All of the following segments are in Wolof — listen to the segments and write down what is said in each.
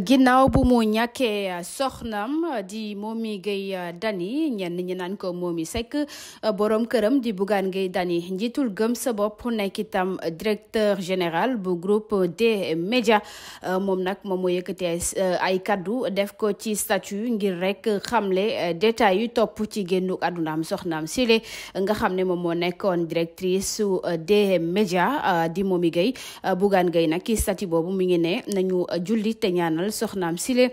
ginnaaw bu mu ñàkkee euh, soxnam euh, di Momy Gueye euh, Dany ñenn ñi naan ko Momy Seck boroom këram di Bougane Gueye Dany njiitul gëm sa bopp nekk itam directeur général bu groupe des médias moom nag moom moo yëkkatee ay kaddu def ko ci statut ngir rek xamle détails yu topp ci génnu addunaam soxnaam sile nga xam ne moom moo nekkoon directrice su des médias di Momy Gueye Bougane Gueye nag ci statut boobu mu ngi ne nañu julli te ñaanal ñaanal soxnaam sile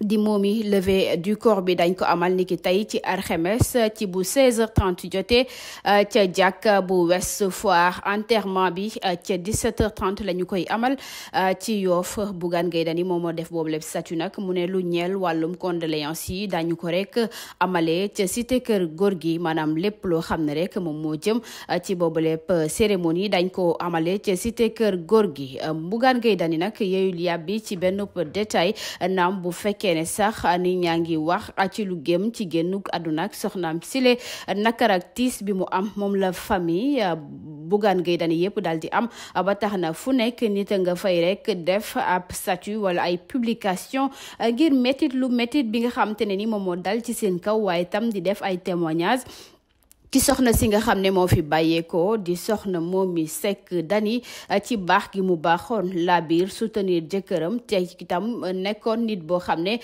di moomi levée du corps bi dañ ko amal niki tey ci arxemes ci bu 16h30 jotee euh, ca jàkk bu Ouest Foire enterment bi euh, ca 17h30 la ñu koy amal euh, ci Yoff Bougane Gueye Dany moom moo def boobu lépp statut nag mu ne lu ñel wàllum condoléances yi dañu ko rek amalee ca cité kër góor gi maanaam lépp loo xam ne rek moom moo jëm ci boobu lépp cérémonie dañ ko amalee ca cité kër góor gi Bougane Gueye Dany nag yeyul yàbbi ci benn détail naam bu fekkee fekkee ne sax nit ñaa ngi wax a ci lu gëm ci génnug àdduna ak soxnaam sile nakar ak tiis bi mu am moom la famille euh, Bougane Gueye Dany yëpp daal di am ba tax na fu nekk nit nga fay rekk def ab statut wala ay publication euh, ngir métit lu métit bi nga xam te ne ni moom moo dal ci seen kaw waaye tam di def ay témoignage ci soxna si nga xam ne moo fi bàyyeekoo di soxna moom mi Seck Dany ci baax gi mu baaxoon la biir soutenir jëkkëram te itam nekkoon nit boo xam ne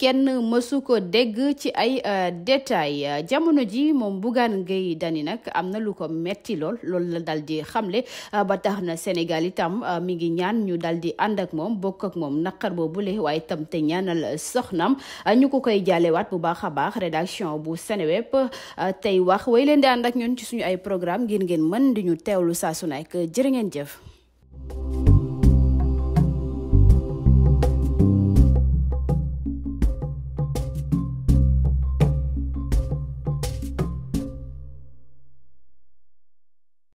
kenn mësu ko dégg ci ay euh, détails jamono ji moom Bougane Gueye Dany nag am na lu ko metti lool loolu la dal di le ba tax na Sénégal itam euh, mu ngi ñaan ñu dal di ànd ak moom bokk ak moom naqar boobule waaye itam te ñaanal soxnam ñu ko koy jaalewaat bu baax a baax rédaction bu Seneweb euh, tey wax way leen di ànd ak ñun ci suñu ay programme ngir ngeen mën di ñu teewlu saa su nekk jërë ngeen jëf